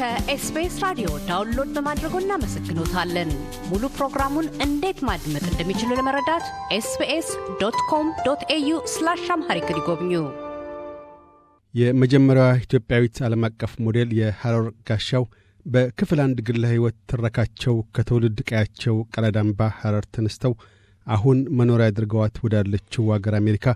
ከኤስቢኤስ ራዲዮ ዳውንሎድ በማድረጎ እናመሰግኖታለን። ሙሉ ፕሮግራሙን እንዴት ማድመጥ እንደሚችሉ ለመረዳት ኤስቢኤስ ዶት ኮም ዶት ኤዩ ስላሽ አምሃሪክ ይጎብኙ። የመጀመሪያዋ ኢትዮጵያዊት ዓለም አቀፍ ሞዴል የሐረር ጋሻው በክፍል አንድ ግለ ሕይወት ትረካቸው ከትውልድ ቀያቸው ቀለዳምባ ሐረር ተነስተው አሁን መኖሪያ አድርገዋት ወዳለችው አገር አሜሪካ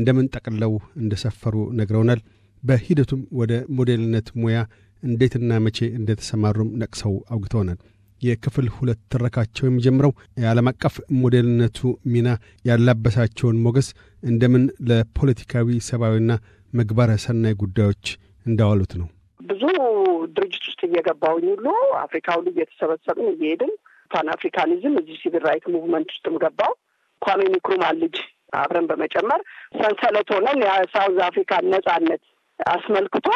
እንደምን ጠቅለው እንደሰፈሩ ነግረውናል። በሂደቱም ወደ ሞዴልነት ሙያ እንዴትና መቼ እንደተሰማሩም ነቅሰው አውግተውናል። የክፍል ሁለት ትረካቸው የሚጀምረው የዓለም አቀፍ ሞዴልነቱ ሚና ያላበሳቸውን ሞገስ እንደምን ለፖለቲካዊ ሰብአዊና ምግባረ ሰናይ ጉዳዮች እንዳዋሉት ነው። ብዙ ድርጅት ውስጥ እየገባውኝ ሁሉ አፍሪካ ሁሉ እየተሰበሰብን እየሄድን ፓን አፍሪካኒዝም እዚህ ሲቪል ራይት ሙቭመንት ውስጥም ገባው ኳሜ ንክሩማ ልጅ አብረን በመጨመር ሰንሰለት ሆነን የሳውዝ አፍሪካን ነጻነት አስመልክቶ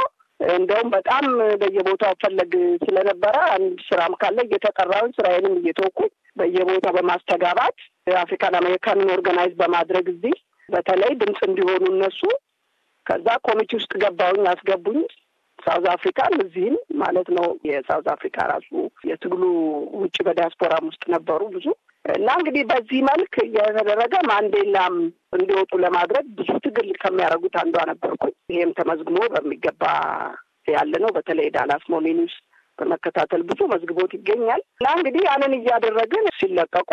እንደውም በጣም በየቦታው ፈለግ ስለነበረ አንድ ስራም ካለ እየተጠራውን ስራዬንም እየተወኩኝ በየቦታው በማስተጋባት አፍሪካን አሜሪካንን ኦርጋናይዝ በማድረግ እዚህ በተለይ ድምፅ እንዲሆኑ እነሱ ከዛ ኮሚቴ ውስጥ ገባውኝ ያስገቡኝ ሳውዝ አፍሪካን እዚህም ማለት ነው። የሳውዝ አፍሪካ ራሱ የትግሉ ውጭ በዲያስፖራም ውስጥ ነበሩ ብዙ እና እንግዲህ በዚህ መልክ እየተደረገ ማንዴላም እንዲወጡ ለማድረግ ብዙ ትግል ከሚያደርጉት አንዷ ነበርኩኝ። ይህም ተመዝግቦ በሚገባ ያለ ነው። በተለይ ዳላስ ሞርኒንግ ኒውስ በመከታተል ብዙ መዝግቦት ይገኛል እና እንግዲህ ያንን እያደረግን ሲለቀቁ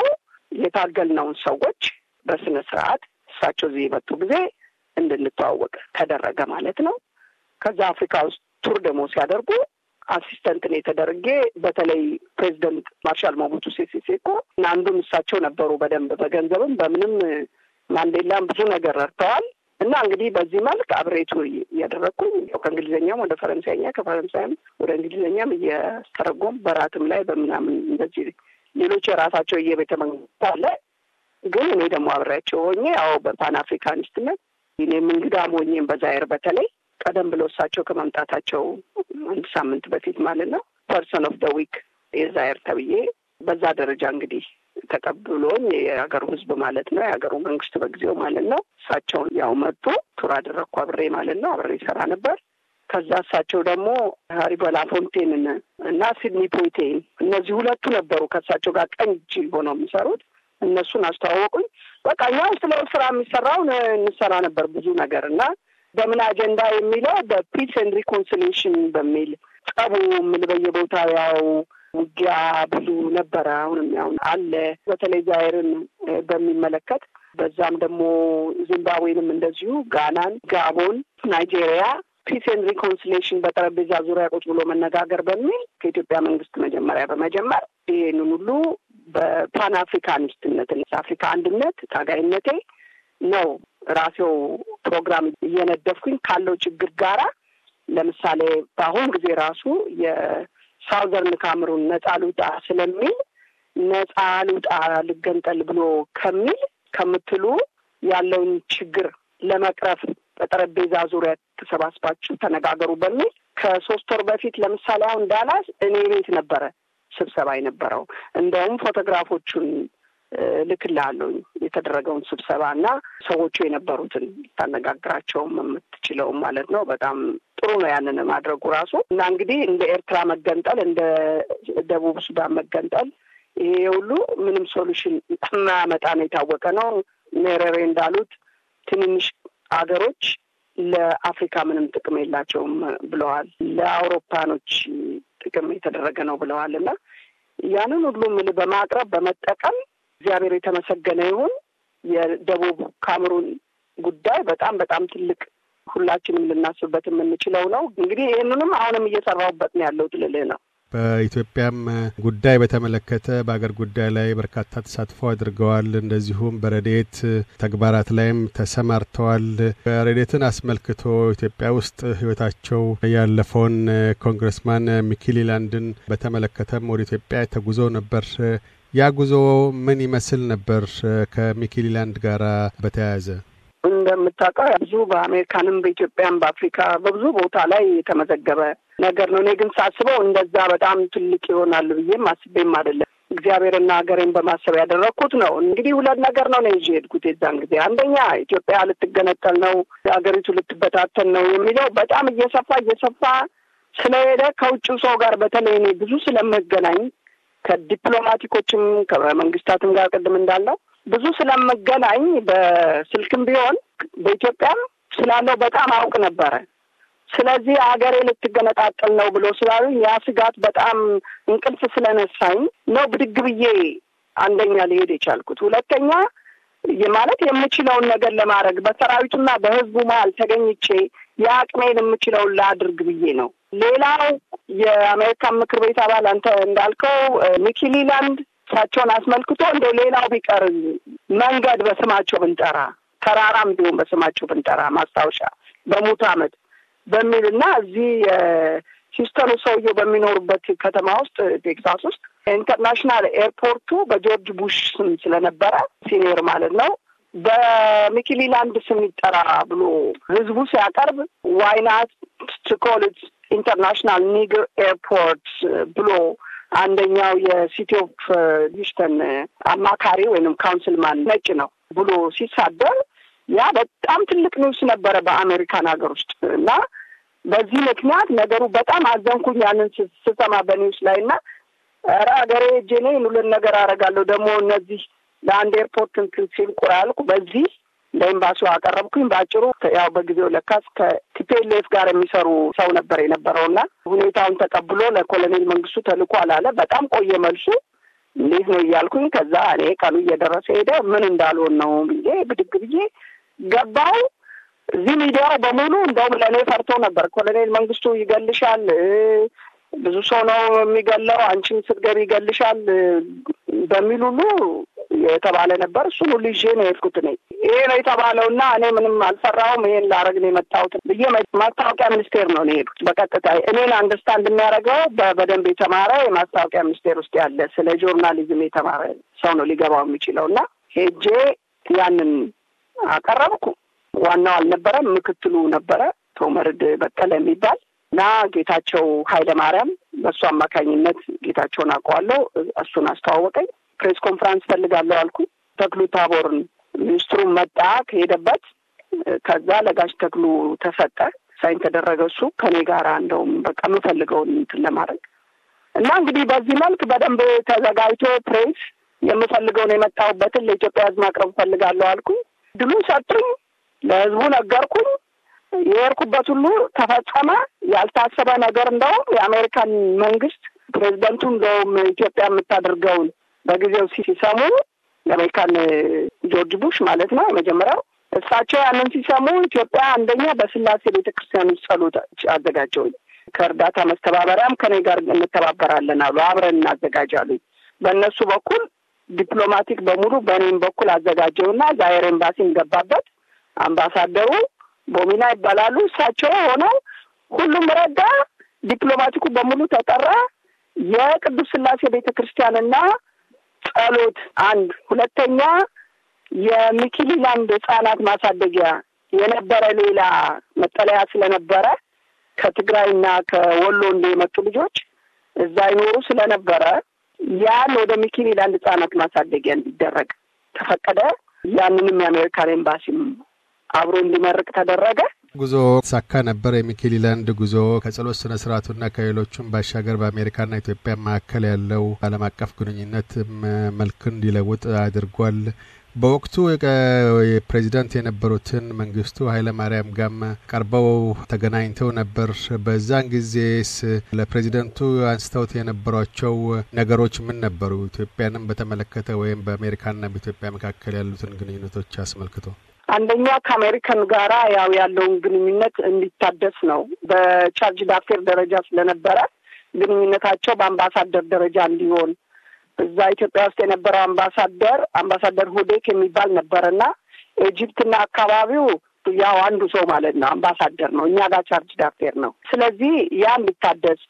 የታገልነውን ሰዎች በስነ ስርዓት እሳቸው እዚህ የመጡ ጊዜ እንድንተዋወቅ ተደረገ ማለት ነው። ከዛ አፍሪካ ውስጥ ቱር ደግሞ ሲያደርጉ አሲስተንት የተደረጌ። በተለይ ፕሬዚደንት ማርሻል ሞቡቱ ሴሴ ሴኮ እና አንዱም እሳቸው ነበሩ። በደንብ በገንዘብም በምንም ማንዴላም ብዙ ነገር ረድተዋል። እና እንግዲህ በዚህ መልክ አብሬቱ እያደረግኩኝ ከእንግሊዝኛም ወደ ፈረንሳይኛ ከፈረንሳይም ወደ እንግሊዝኛም እየተረጎም በራትም ላይ በምናምን እንደዚህ ሌሎች የራሳቸው እየቤተ መንግስት አለ። ግን እኔ ደግሞ አብሬያቸው ሆኜ ያው በፓን አፍሪካኒስትነት እኔም እንግዳም ሆኜም በዛይር በተለይ ቀደም ብሎ እሳቸው ከመምጣታቸው አንድ ሳምንት በፊት ማለት ነው ፐርሰን ኦፍ ደ ዊክ የዛይር ተብዬ በዛ ደረጃ እንግዲህ ተቀብሎኝ የሀገሩ ህዝብ ማለት ነው የሀገሩ መንግስት በጊዜው ማለት ነው። እሳቸውን ያው መጡ ቱር አደረግኩ አብሬ ማለት ነው አብሬ ይሰራ ነበር። ከዛ እሳቸው ደግሞ ሀሪ በላፎንቴንን እና ሲድኒ ፖይቴን እነዚህ ሁለቱ ነበሩ ከእሳቸው ጋር ቀኝ እጅ ሆነው የሚሰሩት እነሱን አስተዋወቁኝ። በቃ ያው ስለ ስራ የሚሰራው እንሰራ ነበር ብዙ ነገር እና በምን አጀንዳ የሚለው በፒስ ን ሪኮንሲሌሽን በሚል ጸቡ የምልበየ ያው ውጊያ ብዙ ነበረ። አሁንም ያሁን አለ። በተለይ ዛይርን በሚመለከት በዛም ደግሞ ዚምባብዌንም እንደዚሁ ጋናን፣ ጋቦን፣ ናይጄሪያ ፒስ ኤንድ ሪኮንሲሌሽን በጠረጴዛ ዙሪያ ቁጭ ብሎ መነጋገር በሚል ከኢትዮጵያ መንግስት መጀመሪያ በመጀመር ይህንን ሁሉ በፓን አፍሪካኒስትነት አፍሪካ አንድነት ታጋይነቴ ነው ራሴው ፕሮግራም እየነደፍኩኝ ካለው ችግር ጋራ ለምሳሌ በአሁን ጊዜ ራሱ ሳውዘርን ካምሩን ነጻ ልውጣ ስለሚል ነጻ ልውጣ ልገንጠል ብሎ ከሚል ከምትሉ ያለውን ችግር ለመቅረፍ በጠረጴዛ ዙሪያ ተሰባስባችሁ ተነጋገሩ በሚል ከሶስት ወር በፊት ለምሳሌ አሁን ዳላስ እኔ ቤት ነበረ ስብሰባ የነበረው። እንደውም ፎቶግራፎቹን ልክልሃለሁ የተደረገውን ስብሰባ እና ሰዎቹ የነበሩትን ታነጋግራቸውም የምትችለውም ማለት ነው። በጣም ጥሩ ነው ያንን ማድረጉ ራሱ እና እንግዲህ እንደ ኤርትራ መገንጠል እንደ ደቡብ ሱዳን መገንጠል ይሄ ሁሉ ምንም ሶሉሽን የማያመጣ ነው፣ የታወቀ ነው። ሜሬሬ እንዳሉት ትንንሽ አገሮች ለአፍሪካ ምንም ጥቅም የላቸውም ብለዋል። ለአውሮፓኖች ጥቅም የተደረገ ነው ብለዋል እና ያንን ሁሉ በማቅረብ በመጠቀም እግዚአብሔር የተመሰገነ ይሁን። የደቡብ ካምሩን ጉዳይ በጣም በጣም ትልቅ ሁላችንም ልናስብበት የምንችለው ነው። እንግዲህ ይህንንም አሁንም እየሰራሁበት ነው ያለው ትልልህ ነው። በኢትዮጵያም ጉዳይ በተመለከተ በአገር ጉዳይ ላይ በርካታ ተሳትፎ አድርገዋል። እንደዚሁም በረዴት ተግባራት ላይም ተሰማርተዋል። በረዴትን አስመልክቶ ኢትዮጵያ ውስጥ ሕይወታቸው ያለፈውን ኮንግረስማን ሚኪሊላንድን በተመለከተም ወደ ኢትዮጵያ ተጉዞ ነበር። ያ ጉዞ ምን ይመስል ነበር? ከሚኪሊላንድ ጋር በተያያዘ እንደምታውቀው ብዙ በአሜሪካንም በኢትዮጵያም በአፍሪካ በብዙ ቦታ ላይ የተመዘገበ ነገር ነው። እኔ ግን ሳስበው እንደዛ በጣም ትልቅ ይሆናሉ ብዬም አስቤም አይደለም። እግዚአብሔርና ሀገሬን በማሰብ ያደረግኩት ነው። እንግዲህ ሁለት ነገር ነው ነው ይዤ ሄድኩት የዛን ጊዜ። አንደኛ ኢትዮጵያ ልትገነጠል ነው፣ ሀገሪቱ ልትበታተን ነው የሚለው በጣም እየሰፋ እየሰፋ ስለሄደ ከውጭ ሰው ጋር በተለይ እኔ ብዙ ስለመገናኝ ከዲፕሎማቲኮችም ከመንግስታትም ጋር ቅድም እንዳለው ብዙ ስለምገናኝ በስልክም ቢሆን በኢትዮጵያም ስላለው በጣም አውቅ ነበረ። ስለዚህ አገሬ ልትገነጣጠል ነው ብሎ ስላሉ ያ ስጋት በጣም እንቅልፍ ስለነሳኝ ነው ብድግ ብዬ አንደኛ ሊሄድ የቻልኩት። ሁለተኛ ማለት የምችለውን ነገር ለማድረግ በሰራዊቱና በህዝቡ መሀል ተገኝቼ የአቅሜን የምችለውን ላድርግ ብዬ ነው። ሌላው የአሜሪካን ምክር ቤት አባል አንተ እንዳልከው ሚኪሊላንድ እሳቸውን አስመልክቶ እንደው ሌላው ቢቀር መንገድ በስማቸው ብንጠራ ተራራም ቢሆን በስማቸው ብንጠራ ማስታወሻ በሙት ዓመት በሚል እና እዚህ ሂውስተኑ ሰውየው በሚኖሩበት ከተማ ውስጥ ቴክሳስ ውስጥ ኢንተርናሽናል ኤርፖርቱ በጆርጅ ቡሽ ስም ስለነበረ ሲኒየር ማለት ነው በሚኪሊላንድ ስም ይጠራ ብሎ ህዝቡ ሲያቀርብ ዋይናት ትኮልት ኢንተርናሽናል ኒግር ኤርፖርት ብሎ አንደኛው የሲቲ ኦፍ ሂውስተን uh, uh, አማካሪ ወይም ካውንስልማን ነጭ ነው ብሎ ሲሳደር ያ በጣም ትልቅ ኒውስ ነበረ በአሜሪካን ሀገር ውስጥ እና በዚህ ምክንያት ነገሩ በጣም አዘንኩኝ። ያንን ስሰማ በኒውስ ላይ እና ኧረ ሀገሬ ጄኔ ሁሉን ነገር አረጋለሁ ደግሞ እነዚህ ለአንድ ኤርፖርት እንትን ሲል ቁራልኩ በዚህ ለኤምባሲው አቀረብኩኝ። በአጭሩ ያው በጊዜው ለካስ ከቲፒኤልኤፍ ጋር የሚሰሩ ሰው ነበር የነበረውና ሁኔታውን ተቀብሎ ለኮሎኔል መንግስቱ ተልኮ አላለ። በጣም ቆየ መልሱ። እንዴት ነው እያልኩኝ ከዛ እኔ ቀኑ እየደረሰ ሄደ። ምን እንዳልሆን ነው ብዬ ብድግ ብዬ ገባው። እዚህ ሚዲያው በሙሉ እንደውም ለእኔ ፈርቶ ነበር። ኮሎኔል መንግስቱ ይገልሻል ብዙ ሰው ነው የሚገለው፣ አንቺም ስትገቢ ይገልሻል በሚል ሁሉ የተባለ ነበር። እሱን ሁሉ ይዤ ነው የሄድኩት። እኔ ይሄ ነው የተባለው እና እኔ ምንም አልፈራሁም። ይሄን ላረግ ነው የመጣሁት ብዬ ማስታወቂያ ሚኒስቴር ነው የሄዱት በቀጥታ እኔን አንደርስታንድ እንደሚያደርገው በደንብ የተማረ የማስታወቂያ ሚኒስቴር ውስጥ ያለ ስለ ጆርናሊዝም የተማረ ሰው ነው ሊገባው የሚችለው እና ሄጄ ያንን አቀረብኩ። ዋናው አልነበረም፣ ምክትሉ ነበረ ቶመርድ በቀለ የሚባል እና ጌታቸው ኃይለ ማርያም በእሱ አማካኝነት ጌታቸውን አውቀዋለሁ። እሱን አስተዋወቀኝ። ፕሬስ ኮንፈረንስ ፈልጋለሁ አልኩ። ተክሉ ታቦርን ሚኒስትሩን መጣ ከሄደበት። ከዛ ለጋሽ ተክሉ ተሰጠ። ሳይን ተደረገ። እሱ ከኔ ጋር እንደውም በቃ የምፈልገውን እንትን ለማድረግ እና እንግዲህ በዚህ መልክ በደንብ ተዘጋጅቶ ፕሬስ የምፈልገውን የመጣሁበትን ለኢትዮጵያ ሕዝብ ማቅረብ ፈልጋለሁ አልኩ። ድሉን ሰጡኝ። ለሕዝቡ ነገርኩኝ። የወርኩበት ሁሉ ተፈጸመ። ያልታሰበ ነገር እንደውም የአሜሪካን መንግስት ፕሬዚደንቱ እንደውም ኢትዮጵያ የምታደርገውን በጊዜው ሲሰሙ የአሜሪካን ጆርጅ ቡሽ ማለት ነው የመጀመሪያው እሳቸው ያንን ሲሰሙ ኢትዮጵያ አንደኛ በስላሴ ቤተ ክርስቲያን ውስጥ ጸሎት አዘጋጀውኝ ከእርዳታ መስተባበሪያም ከኔ ጋር እንተባበራለን አሉ። አብረን እናዘጋጃሉኝ። በእነሱ በኩል ዲፕሎማቲክ በሙሉ በእኔም በኩል አዘጋጀውና ዛይር ኤምባሲም ገባበት። አምባሳደሩ ቦሚና ይባላሉ። እሳቸው ሆነው ሁሉም ረዳ፣ ዲፕሎማቲኩ በሙሉ ተጠራ። የቅዱስ ስላሴ ቤተ ክርስቲያንና ጸሎት አንድ፣ ሁለተኛ የሚኪሊላንድ ህጻናት ማሳደጊያ የነበረ ሌላ መጠለያ ስለነበረ ከትግራይና ከወሎ እንደ የመጡ ልጆች እዛ ይኖሩ ስለነበረ ያን ወደ ሚኪሊላንድ ህጻናት ማሳደጊያ እንዲደረግ ተፈቀደ። ያንንም የአሜሪካን ኤምባሲም አብሮ እንዲመርቅ ተደረገ። ጉዞ ሳካ ነበር። የሚኬሊላንድ ጉዞ ከጸሎት ስነ ስርዓቱና ከሌሎቹም ባሻገር በአሜሪካና ኢትዮጵያ መካከል ያለው ዓለም አቀፍ ግንኙነት መልክ እንዲለውጥ አድርጓል። በወቅቱ ፕሬዚዳንት የነበሩትን መንግስቱ ኃይለ ማርያም ጋም ቀርበው ተገናኝተው ነበር። በዛን ጊዜስ ለፕሬዚደንቱ አንስተውት የነበሯቸው ነገሮች ምን ነበሩ? ኢትዮጵያንም በተመለከተ ወይም በአሜሪካና በኢትዮጵያ መካከል ያሉትን ግንኙነቶች አስመልክቶ አንደኛ ከአሜሪካን ጋራ ያው ያለውን ግንኙነት እንዲታደስ ነው። በቻርጅ ዳፌር ደረጃ ስለነበረ ግንኙነታቸው በአምባሳደር ደረጃ እንዲሆን እዛ ኢትዮጵያ ውስጥ የነበረው አምባሳደር አምባሳደር ሁዴክ የሚባል ነበረና ኢጅፕትና አካባቢው ያው አንዱ ሰው ማለት ነው አምባሳደር ነው። እኛ ጋር ቻርጅ ዳፌር ነው። ስለዚህ ያ እንዲታደስ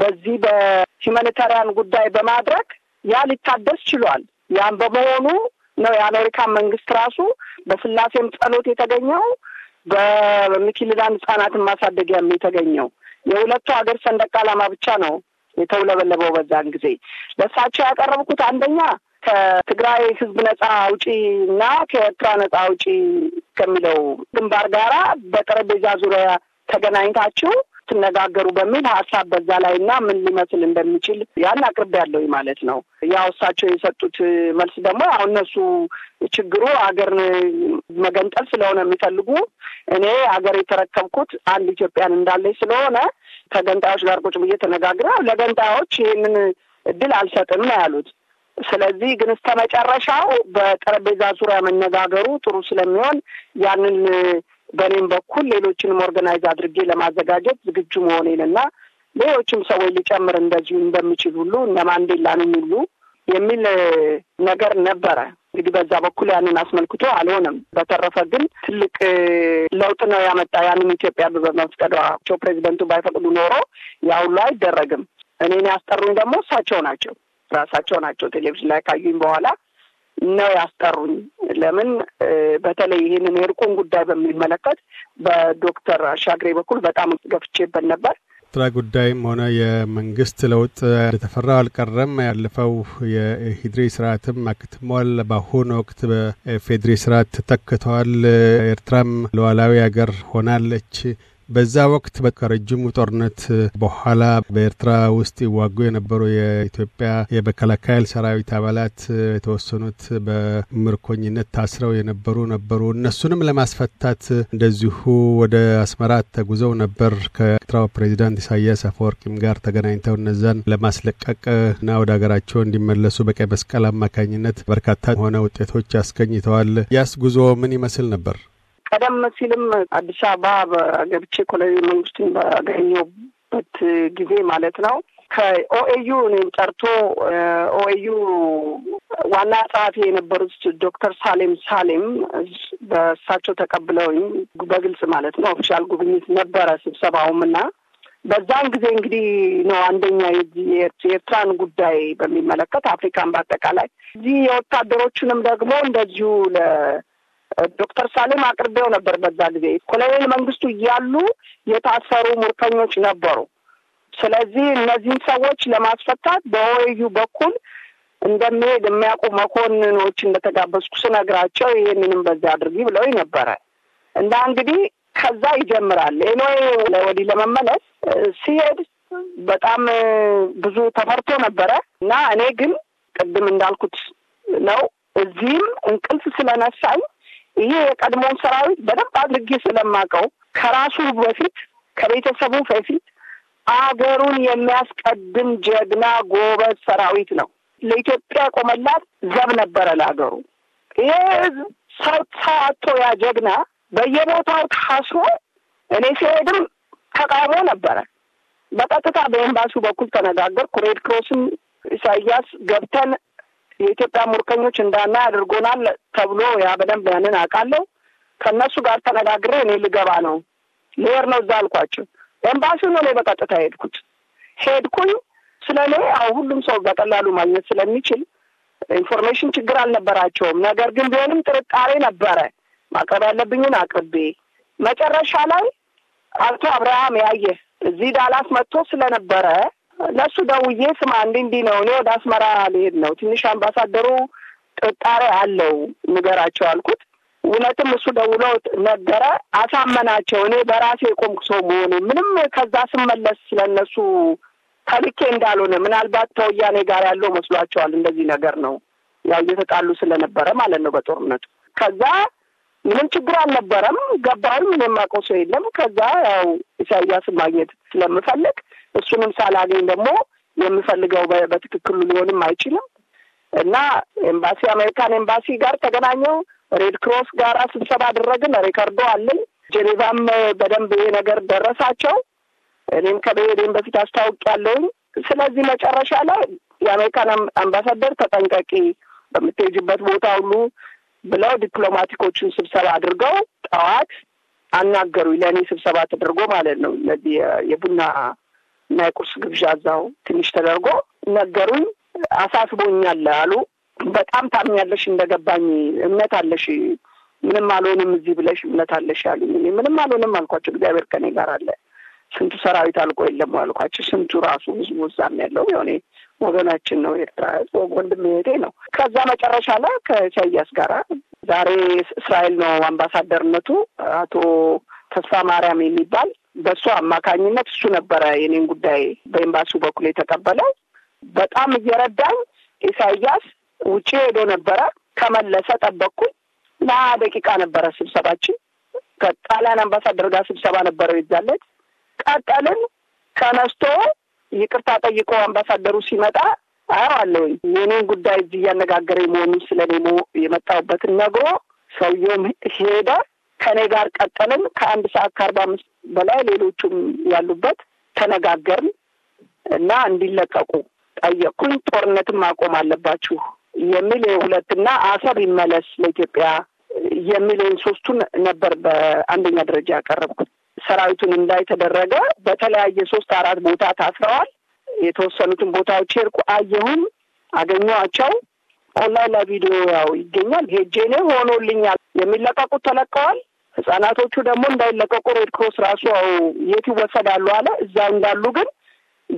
በዚህ በሂማኒታሪያን ጉዳይ በማድረግ ያ ሊታደስ ችሏል። ያም በመሆኑ ነው የአሜሪካ መንግስት ራሱ በስላሴም ጸሎት የተገኘው በሚኪልዳን ህጻናትን ማሳደጊያም የተገኘው የሁለቱ ሀገር ሰንደቅ ዓላማ ብቻ ነው የተውለበለበው በዛን ጊዜ። ለእሳቸው ያቀረብኩት አንደኛ ከትግራይ ህዝብ ነጻ አውጪ እና ከኤርትራ ነጻ አውጪ ከሚለው ግንባር ጋራ በጠረጴዛ ዙሪያ ተገናኝታችሁ ትነጋገሩ በሚል ሀሳብ በዛ ላይ እና ምን ሊመስል እንደሚችል ያን አቅርብ ያለው ማለት ነው። ያው እሳቸው የሰጡት መልስ ደግሞ አሁን እነሱ ችግሩ አገር መገንጠል ስለሆነ የሚፈልጉ እኔ አገር የተረከብኩት አንድ ኢትዮጵያን እንዳለች ስለሆነ ከገንጣዮች ጋር ቁጭ ብዬ ተነጋግረው ለገንጣዮች ይህንን እድል አልሰጥም ነው ያሉት። ስለዚህ ግን እስከ መጨረሻው በጠረጴዛ ዙሪያ መነጋገሩ ጥሩ ስለሚሆን ያንን በእኔም በኩል ሌሎችንም ኦርጋናይዝ አድርጌ ለማዘጋጀት ዝግጁ መሆኔንና ሌሎችም ሰዎች ሊጨምር እንደዚሁ እንደሚችል ሁሉ እነ ማንዴላንም ሁሉ የሚል ነገር ነበረ። እንግዲህ በዛ በኩል ያንን አስመልክቶ አልሆነም። በተረፈ ግን ትልቅ ለውጥ ነው ያመጣ ያንን ኢትዮጵያ በመፍቀዷቸው ፕሬዚደንቱ ባይፈቅዱ ኖሮ ያ ሁሉ አይደረግም። እኔን ያስጠሩኝ ደግሞ እሳቸው ናቸው ራሳቸው ናቸው። ቴሌቪዥን ላይ ካዩኝ በኋላ ነው ያስጠሩኝ። ለምን በተለይ ይህንን የእርቁን ጉዳይ በሚመለከት በዶክተር አሻግሬ በኩል በጣም ገፍቼበት ነበር። ኤርትራ ጉዳይም ሆነ የመንግስት ለውጥ እንደተፈራው አልቀረም። ያለፈው የሂድሪ ስርዓትም አክትሟል። በአሁኑ ወቅት በፌድሪ ስርዓት ተተክተዋል። ኤርትራም ሉዓላዊ ሀገር ሆናለች። በዛ ወቅት ከረጅሙ ጦርነት በኋላ በኤርትራ ውስጥ ይዋጉ የነበሩ የኢትዮጵያ የመከላከያ ሰራዊት አባላት የተወሰኑት በምርኮኝነት ታስረው የነበሩ ነበሩ። እነሱንም ለማስፈታት እንደዚሁ ወደ አስመራ ተጉዘው ነበር። ከኤርትራው ፕሬዚዳንት ኢሳያስ አፈወርቂም ጋር ተገናኝተው እነዛን ለማስለቀቅ እና ወደ ሀገራቸው እንዲመለሱ በቀይ መስቀል አማካኝነት በርካታ ሆነ ውጤቶች አስገኝተዋል። ያስ ጉዞ ምን ይመስል ነበር? ቀደም ሲልም አዲስ አበባ በገብቼ ኮሎኔል መንግስቱን ባገኘሁበት ጊዜ ማለት ነው ከኦኤዩ እኔም ጠርቶ ኦኤዩ ዋና ጸሐፊ የነበሩት ዶክተር ሳሌም ሳሌም በእሳቸው ተቀብለውኝ በግልጽ ማለት ነው ኦፊሻል ጉብኝት ነበረ ስብሰባውም እና በዛን ጊዜ እንግዲህ ነው አንደኛ የኤርትራን ጉዳይ በሚመለከት አፍሪካን በአጠቃላይ እዚህ የወታደሮቹንም ደግሞ እንደዚሁ ዶክተር ሳሌም አቅርቤው ነበር። በዛ ጊዜ ኮሎኔል መንግስቱ እያሉ የታሰሩ ሙርከኞች ነበሩ። ስለዚህ እነዚህን ሰዎች ለማስፈታት በወዩ በኩል እንደሚሄድ የሚያውቁ መኮንኖች እንደተጋበዝኩ ስነግራቸው ይህንንም በዚህ አድርጊ ብለው ነበረ እና እንግዲህ ከዛ ይጀምራል። ሌሎይ ወዲህ ለመመለስ ሲሄድ በጣም ብዙ ተፈርቶ ነበረ እና እኔ ግን ቅድም እንዳልኩት ነው እዚህም እንቅልፍ ስለነሳኝ ይሄ የቀድሞን ሰራዊት በደንብ አድርጌ ስለማውቀው ከራሱ በፊት ከቤተሰቡ በፊት አገሩን የሚያስቀድም ጀግና ጎበዝ ሰራዊት ነው። ለኢትዮጵያ ቆመላት ዘብ ነበረ ለሀገሩ። ይሄ ህዝብ ሰው ያ ጀግና በየቦታው ታስሮ እኔ ሲሄድም ተቃውሞ ነበረ። በቀጥታ በኤምባሲው በኩል ተነጋገርኩ። ሬድ ክሮስም ኢሳያስ ገብተን የኢትዮጵያ ሙርከኞች እንዳና አድርጎናል ተብሎ ያ በደንብ ያንን አውቃለሁ። ከእነሱ ጋር ተነጋግሬ እኔ ልገባ ነው ልሄድ ነው እዛ አልኳቸው። ኤምባሲው ነው ላይ በቀጥታ ሄድኩት። ሄድኩኝ ስለ እኔ አሁ ሁሉም ሰው በቀላሉ ማግኘት ስለሚችል ኢንፎርሜሽን ችግር አልነበራቸውም። ነገር ግን ቢሆንም ጥርጣሬ ነበረ። ማቅረብ ያለብኝን አቅርቤ መጨረሻ ላይ አቶ አብርሃም ያየ እዚህ ዳላስ መጥቶ ስለነበረ ለእሱ ደውዬ ስማ እንዲህ እንዲህ ነው እኔ ወደ አስመራ ሊሄድ ነው ትንሽ አምባሳደሩ ጥርጣሬ አለው ንገራቸው አልኩት። እውነትም እሱ ደውሎ ነገረ፣ አሳመናቸው። እኔ በራሴ የቆምኩ ሰው መሆኑ ምንም ከዛ ስመለስ ስለነሱ ተልኬ እንዳልሆነ ምናልባት ከወያኔ ጋር ያለው መስሏቸዋል። እንደዚህ ነገር ነው ያው እየተጣሉ ስለነበረ ማለት ነው በጦርነቱ ከዛ ምንም ችግር አልነበረም። ገባሁኝ። እኔ የማውቀው ሰው የለም። ከዛ ያው ኢሳያስ ማግኘት ስለምፈልግ እሱንም ሳላገኝ ደግሞ የምፈልገው በትክክሉ ሊሆንም አይችልም እና ኤምባሲ አሜሪካን ኤምባሲ ጋር ተገናኘው ሬድ ክሮስ ጋር ስብሰባ አደረግን። ሬከርዶ አለኝ። ጀኔቫም በደንብ ይሄ ነገር ደረሳቸው። እኔም ከመሄዴም በፊት ያለውኝ። ስለዚህ መጨረሻ ላይ የአሜሪካን አምባሳደር ተጠንቀቂ፣ በምትሄጅበት ቦታ ሁሉ ብለው ዲፕሎማቲኮቹን ስብሰባ አድርገው ጠዋት አናገሩኝ። ለእኔ ስብሰባ ተደርጎ ማለት ነው። እነዚህ የቡና እና የቁርስ ግብዣ እዛው ትንሽ ተደርጎ ነገሩኝ። አሳስቦኛል አሉ። በጣም ታምኛለሽ፣ እንደገባኝ እምነት አለሽ፣ ምንም አልሆንም እዚህ ብለሽ እምነት አለሽ አሉኝ። እኔ ምንም አልሆንም አልኳቸው። እግዚአብሔር ከኔ ጋር አለ። ስንቱ ሰራዊት አልቆ የለም አልኳቸው። ስንቱ ራሱ ህዝቡ እዛም ያለው የሆኔ ወገናችን ነው። ኤርትራ ወንድም ሄዴ ነው። ከዛ መጨረሻ ላይ ከኢሳያስ ጋራ ዛሬ እስራኤል ነው አምባሳደርነቱ አቶ ተስፋ ማርያም የሚባል በእሱ አማካኝነት እሱ ነበረ የኔን ጉዳይ በኤምባሲው በኩል የተቀበለው። በጣም እየረዳኝ ኢሳያስ ውጭ ሄዶ ነበረ። ከመለሰ ጠበቅኩኝ። ና ደቂቃ ነበረ ስብሰባችን። ከጣሊያን አምባሳደር ጋር ስብሰባ ነበረው ይዛለች ቀጠልን። ተነስቶ ይቅርታ ጠይቆ አምባሳደሩ ሲመጣ አየዋለሁኝ። የኔን ጉዳይ እዚህ እያነጋገረ መሆኑ ስለ እኔ የመጣሁበትን ነግሮ ሰውየውም ሄደ። ከእኔ ጋር ቀጠልን። ከአንድ ሰዓት ከአርባ አምስት በላይ ሌሎቹም ያሉበት ተነጋገርን እና እንዲለቀቁ ጠየቅኩኝ። ጦርነትም ማቆም አለባችሁ የሚል ሁለትና አሰብ ይመለስ ለኢትዮጵያ የሚለውን ሶስቱን ነበር በአንደኛ ደረጃ ያቀረብኩት። ሰራዊቱን እንዳይተደረገ በተለያየ ሶስት አራት ቦታ ታስረዋል። የተወሰኑትን ቦታዎች ሄድኩ አየሁም አገኘኋቸው። ኦንላይን ላይ ቪዲዮ ያው ይገኛል። ሄጄ እኔ ሆኖልኛል። የሚለቀቁት ተለቀዋል። ህጻናቶቹ ደግሞ እንዳይለቀቁ ሬድ ክሮስ ራሱ ያው የት ይወሰዳሉ አለ። እዛ እንዳሉ ግን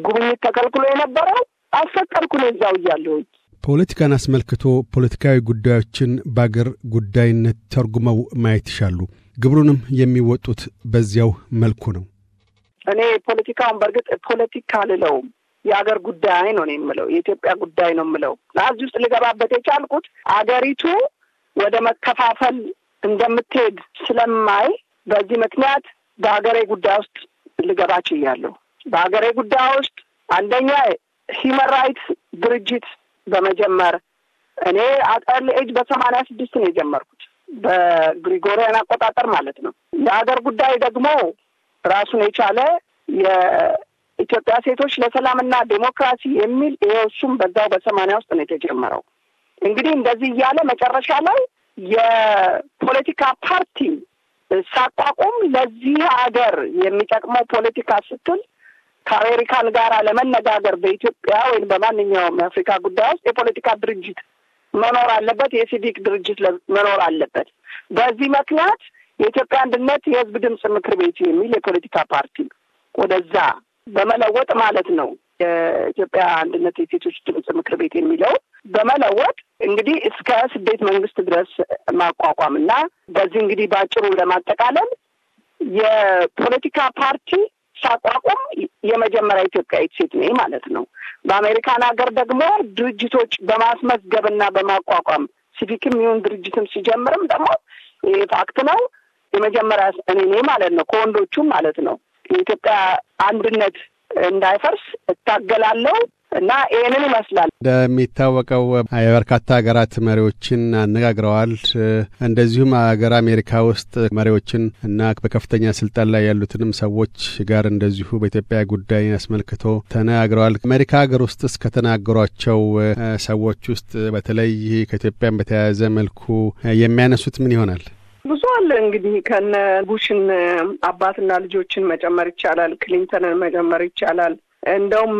ጉብኝት ተከልክሎ የነበረው አልፈቀድኩ ነው እዛው እያለሁኝ ፖለቲካን አስመልክቶ ፖለቲካዊ ጉዳዮችን በአገር ጉዳይነት ተርጉመው ማየት ይሻሉ። ግብሩንም የሚወጡት በዚያው መልኩ ነው። እኔ ፖለቲካውን በእርግጥ ፖለቲካ ልለውም የሀገር ጉዳይ ነው የምለው፣ የኢትዮጵያ ጉዳይ ነው የምለው። ለዚህ ውስጥ ልገባበት የቻልኩት አገሪቱ ወደ መከፋፈል እንደምትሄድ ስለማይ በዚህ ምክንያት በሀገሬ ጉዳይ ውስጥ ልገባ ችያለሁ። በሀገሬ ጉዳይ ውስጥ አንደኛ ሂውማን ራይትስ ድርጅት በመጀመር እኔ አጠር ልኤጅ በሰማንያ ስድስት ነው የጀመርኩት በግሪጎሪያን አቆጣጠር ማለት ነው። የሀገር ጉዳይ ደግሞ ራሱን የቻለ የኢትዮጵያ ሴቶች ለሰላምና ዴሞክራሲ የሚል ይኸው እሱም በዛው በሰማንያ ውስጥ ነው የተጀመረው። እንግዲህ እንደዚህ እያለ መጨረሻ ላይ የፖለቲካ ፓርቲ ሳቋቁም ለዚህ ሀገር የሚጠቅመው ፖለቲካ ስትል ከአሜሪካን ጋር ለመነጋገር በኢትዮጵያ ወይም በማንኛውም የአፍሪካ ጉዳይ ውስጥ የፖለቲካ ድርጅት መኖር አለበት። የሲቪክ ድርጅት መኖር አለበት። በዚህ ምክንያት የኢትዮጵያ አንድነት የህዝብ ድምፅ ምክር ቤት የሚል የፖለቲካ ፓርቲ ወደዛ በመለወጥ ማለት ነው። የኢትዮጵያ አንድነት የሴቶች ድምፅ ምክር ቤት የሚለው በመለወጥ እንግዲህ እስከ ስደት መንግስት ድረስ ማቋቋም እና በዚህ እንግዲህ በአጭሩ ለማጠቃለል የፖለቲካ ፓርቲ ሳቋቁም የመጀመሪያ ኢትዮጵያዊት ሴት ነኝ ማለት ነው። በአሜሪካን ሀገር ደግሞ ድርጅቶች በማስመዝገብና በማቋቋም ሲቪክም ይሁን ድርጅትም ሲጀምርም ደግሞ ይህ ፋክት ነው። የመጀመሪያ እኔ ነኝ ማለት ነው፣ ከወንዶቹም ማለት ነው። የኢትዮጵያ አንድነት እንዳይፈርስ እታገላለሁ። እና ይህንን ይመስላል። እንደሚታወቀው የበርካታ ሀገራት መሪዎችን አነጋግረዋል። እንደዚሁም ሀገር አሜሪካ ውስጥ መሪዎችን እና በከፍተኛ ስልጣን ላይ ያሉትንም ሰዎች ጋር እንደዚሁ በኢትዮጵያ ጉዳይ አስመልክቶ ተነጋግረዋል። አሜሪካ ሀገር ውስጥ እስከተናገሯቸው ሰዎች ውስጥ በተለይ ከኢትዮጵያን በተያያዘ መልኩ የሚያነሱት ምን ይሆናል? ብዙ አለ እንግዲህ ከነ ቡሽን አባትና ልጆችን መጨመር ይቻላል። ክሊንተንን መጨመር ይቻላል። እንደውም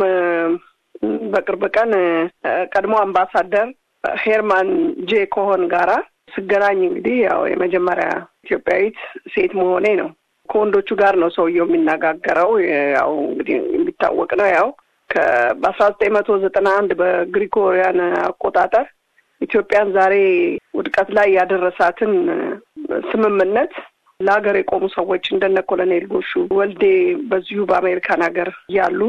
በቅርብ ቀን ቀድሞ አምባሳደር ሄርማን ጄ ኮሆን ጋራ ስገናኝ እንግዲህ ያው የመጀመሪያ ኢትዮጵያዊት ሴት መሆኔ ነው። ከወንዶቹ ጋር ነው ሰውየው የሚነጋገረው። ያው እንግዲህ የሚታወቅ ነው። ያው በአስራ ዘጠኝ መቶ ዘጠና አንድ በግሪኮሪያን አቆጣጠር ኢትዮጵያን ዛሬ ውድቀት ላይ ያደረሳትን ስምምነት ለሀገር የቆሙ ሰዎች እንደነ ኮሎኔል ጎሹ ወልዴ በዚሁ በአሜሪካን ሀገር ያሉ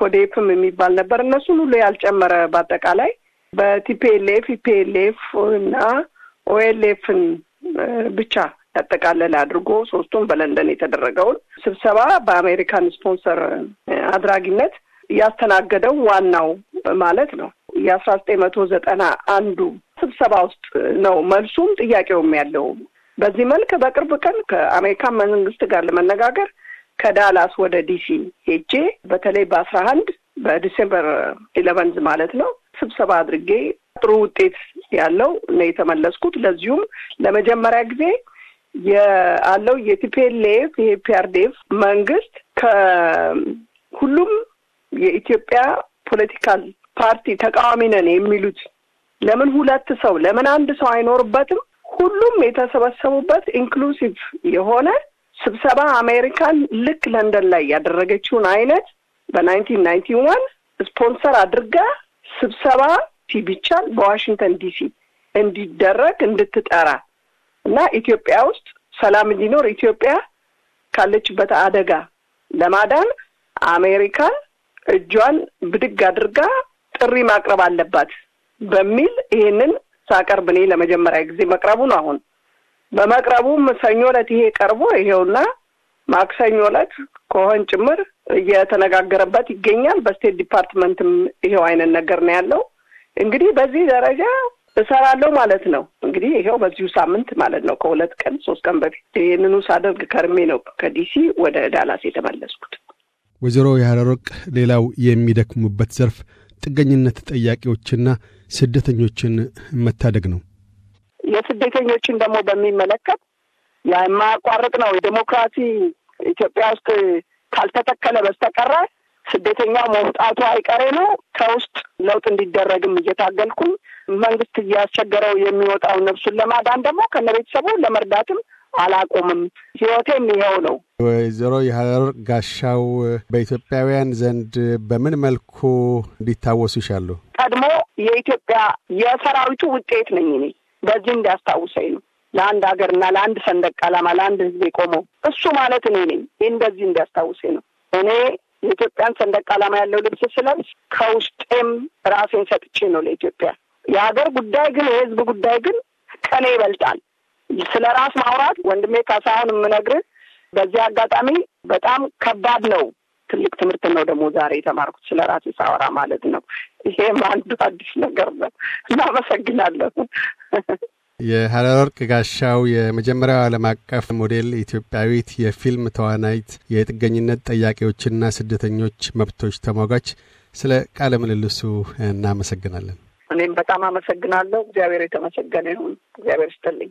ኮዴፕም የሚባል ነበር። እነሱን ሁሉ ያልጨመረ በአጠቃላይ በቲፒኤልኤፍ ኢፒኤልኤፍ እና ኦኤልኤፍን ብቻ ያጠቃለለ አድርጎ ሶስቱም በለንደን የተደረገውን ስብሰባ በአሜሪካን ስፖንሰር አድራጊነት ያስተናገደው ዋናው ማለት ነው የአስራ ዘጠኝ መቶ ዘጠና አንዱ ስብሰባ ውስጥ ነው መልሱም ጥያቄውም ያለው። በዚህ መልክ በቅርብ ቀን ከአሜሪካን መንግስት ጋር ለመነጋገር ከዳላስ ወደ ዲሲ ሄጄ በተለይ በአስራ አንድ በዲሴምበር ኢለቨንዝ ማለት ነው ስብሰባ አድርጌ ጥሩ ውጤት ያለው ነው የተመለስኩት። ለዚሁም ለመጀመሪያ ጊዜ ያለው የቲፒኤልኤፍ የፒአርዴፍ መንግስት ከሁሉም የኢትዮጵያ ፖለቲካል ፓርቲ ተቃዋሚ ነን የሚሉት ለምን ሁለት ሰው ለምን አንድ ሰው አይኖርበትም? ሁሉም የተሰበሰቡበት ኢንክሉሲቭ የሆነ ስብሰባ አሜሪካን ልክ ለንደን ላይ ያደረገችውን አይነት በናይንቲን ናይንቲ ዋን ስፖንሰር አድርጋ ስብሰባ ቢቻል በዋሽንግተን ዲሲ እንዲደረግ እንድትጠራ እና ኢትዮጵያ ውስጥ ሰላም እንዲኖር ኢትዮጵያ ካለችበት አደጋ ለማዳን አሜሪካ እጇን ብድግ አድርጋ ጥሪ ማቅረብ አለባት በሚል ይሄንን ሳቀርብ እኔ ለመጀመሪያ ጊዜ መቅረቡ ነው አሁን በመቅረቡም ሰኞ ዕለት ይሄ ቀርቦ ይሄውና ማክሰኞ ዕለት ከሆን ጭምር እየተነጋገረበት ይገኛል። በስቴት ዲፓርትመንትም ይሄው አይነት ነገር ነው ያለው። እንግዲህ በዚህ ደረጃ እሰራለሁ ማለት ነው። እንግዲህ ይሄው በዚሁ ሳምንት ማለት ነው ከሁለት ቀን ሶስት ቀን በፊት ይህንኑ ሳደርግ ከርሜ ነው ከዲሲ ወደ ዳላስ የተመለስኩት። ወይዘሮ የሀረሮቅ ሌላው የሚደክሙበት ዘርፍ ጥገኝነት ጠያቂዎችና ስደተኞችን መታደግ ነው። የስደተኞችን ደግሞ በሚመለከት የማያቋርጥ ነው። ዴሞክራሲ ኢትዮጵያ ውስጥ ካልተተከለ በስተቀረ ስደተኛው መውጣቱ አይቀሬ ነው። ከውስጥ ለውጥ እንዲደረግም እየታገልኩኝ መንግስት እያስቸገረው የሚወጣው ነፍሱን ለማዳን ደግሞ ከነ ቤተሰቡ ለመርዳትም አላቆምም። ህይወቴም ይኸው ነው። ወይዘሮ የሀረር ጋሻው በኢትዮጵያውያን ዘንድ በምን መልኩ እንዲታወሱ ይሻሉ? ቀድሞ የኢትዮጵያ የሰራዊቱ ውጤት ነኝ እኔ በዚህ እንዲያስታውሰኝ ነው። ለአንድ ሀገርና ለአንድ ሰንደቅ ዓላማ ለአንድ ህዝብ የቆመው እሱ ማለት እኔ ነኝ። ይህን በዚህ እንዲያስታውሰኝ ነው። እኔ የኢትዮጵያን ሰንደቅ ዓላማ ያለው ልብስ ስለብስ ከውስጤም ራሴን ሰጥቼ ነው ለኢትዮጵያ። የሀገር ጉዳይ ግን የህዝብ ጉዳይ ግን ከኔ ይበልጣል። ስለ ራስ ማውራት ወንድሜ ካሳሁን የምነግርህ በዚህ አጋጣሚ በጣም ከባድ ነው። ትልቅ ትምህርት ነው ደግሞ ዛሬ የተማርኩት ስለ ራሴ ሳወራ ማለት ነው። ይሄም አንዱ አዲስ ነገር ነው። እናመሰግናለሁ። የሀረር ጋሻው የመጀመሪያው ዓለም አቀፍ ሞዴል ኢትዮጵያዊት የፊልም ተዋናይት፣ የጥገኝነት ጠያቂዎችና ስደተኞች መብቶች ተሟጋች፣ ስለ ቃለ ምልልሱ እናመሰግናለን። እኔም በጣም አመሰግናለሁ። እግዚአብሔር የተመሰገነ ይሁን። እግዚአብሔር ይስጥልኝ።